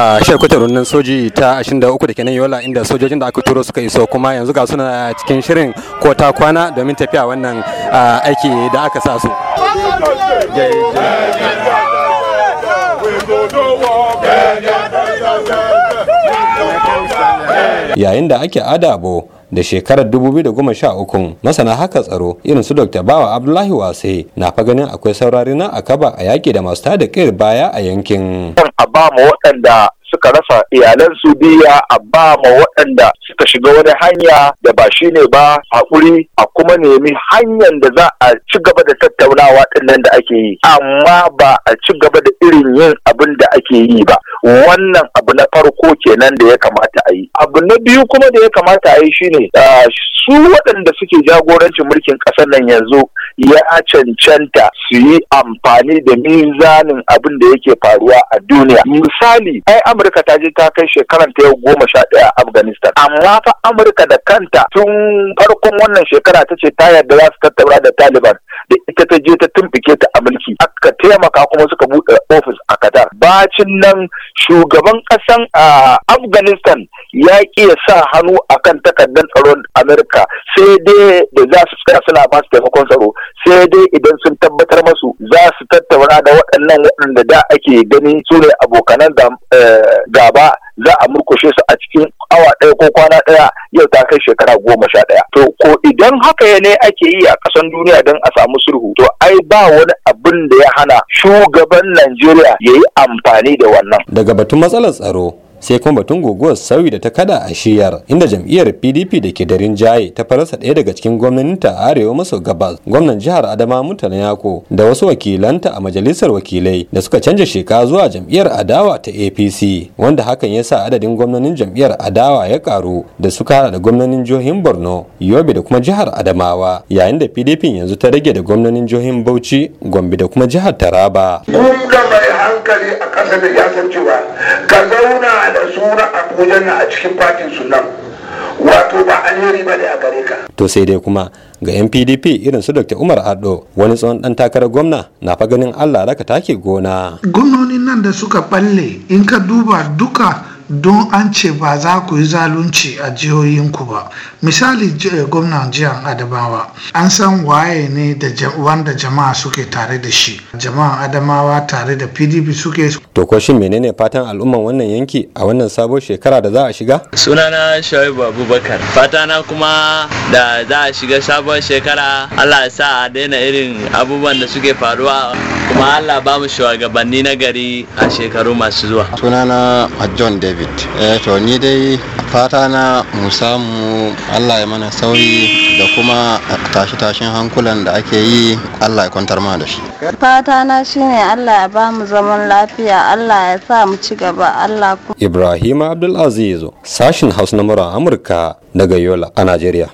a shirkutar rundunar soji ta 23 da kenan yola inda sojojin da aka turo suka iso kuma yanzu ga suna cikin shirin ko ta kwana domin tafiya wannan aiki da aka sa su yayin da ake adabo da shekarar 2013 masana haka tsaro irin su dr bawa abdullahi wase na fa ganin akwai saurari na akaba a yaki da masu tada kai baya a yankin a ba mu waɗanda suka rasa iyalan su biya a ba ma waɗanda suka shiga wani hanya da ba shi ne ba haƙuri a kuma nemi hanyar da za a ci gaba da tattaunawa ɗin da ake yi amma ba a ci gaba da irin yin abin da ake yi ba wannan abu na farko kenan da ya kamata a yi abu na biyu kuma da ya kamata a yi shine ah, su waɗanda suke jagorancin mulkin ƙasar nan yanzu ya cancanta su yi amfani da mizanin abin da yake faruwa a duniya misali ai amurka ta je ta kai shekaran ta yau goma sha ɗaya afghanistan amma fa amurka da kanta tun farkon wannan shekara ta ce ta yarda za su tattauna da taliban da ita ta je ta tumfike ta a mulki aka taimaka kuma suka buɗe ofis a qatar bacin nan shugaban ƙasan a afghanistan ya ƙi ya sa hannu akan takardar tsaron amurka sai dai da za su tsaya suna ba su taimakon tsaro sai dai idan sun tabbatar masu za su tattauna da waɗannan waɗanda da ake gani su ne abokanan eh, gaba za a murkushe su a cikin awa ɗaya ko kwana ɗaya yau ta kai shekara goma sha ɗaya. To ko idan haka ya ne ake yi a ƙasan duniya don a samu sulhu to ai ba wani abin da ya hana shugaban Najeriya ya yi amfani da wannan. Daga batun matsalar tsaro sai kuma batun guguwar sauyi da ta kada a shiyar inda jam'iyyar pdp da ke da rinjaye ta farasa ɗaya daga cikin gwamnaninta a arewa maso gabas gwamnan jihar adama mutane yako da wasu wakilanta a majalisar wakilai da suka canja sheka zuwa jam'iyyar adawa ta apc wanda hakan ya sa adadin gwamnanin jam'iyyar adawa ya karu da suka hada da gwamnanin jihohin borno yobe da kuma jihar adamawa yayin da pdp yanzu ta rage da gwamnanin jihohin bauchi gombe da kuma jihar taraba. Kun mai hankali a ƙasa da ya san ka zauna da sura a a cikin fatin su nan wato ba alheri ba ne a gare ka to sai dai kuma ga yan pdp irin su dr umar addo wani tsohon dan takarar gwamna na fa ganin allah raka take gona gwamnonin nan da suka balle in ka duba duka don an ce ba za ku yi zalunci a jihohinku ba misali gwamnan jihar adamawa an san waye ne da wanda jama'a suke tare da shi jama'an adamawa tare da pdp suke to ko shi menene fatan al'umman wannan yanki a wannan sabon shekara da za a shiga sunana shaibu abubakar fatana kuma da za a shiga sabon shekara allah sa a daina irin abubuwan da suke faruwa kuma Allah ba mu shugabanni na gari a shekaru masu zuwa sunana John David eh to ni dai fata na mu samu Allah ya mana sauri da kuma tashi tashin hankulan da ake yi Allah ya kwantar ma da shi fata na shine Allah ya ba mu zaman lafiya Allah ya sa mu ci gaba Allah Ibrahim Abdulaziz sashin Hausa na Amurka daga Yola a Najeriya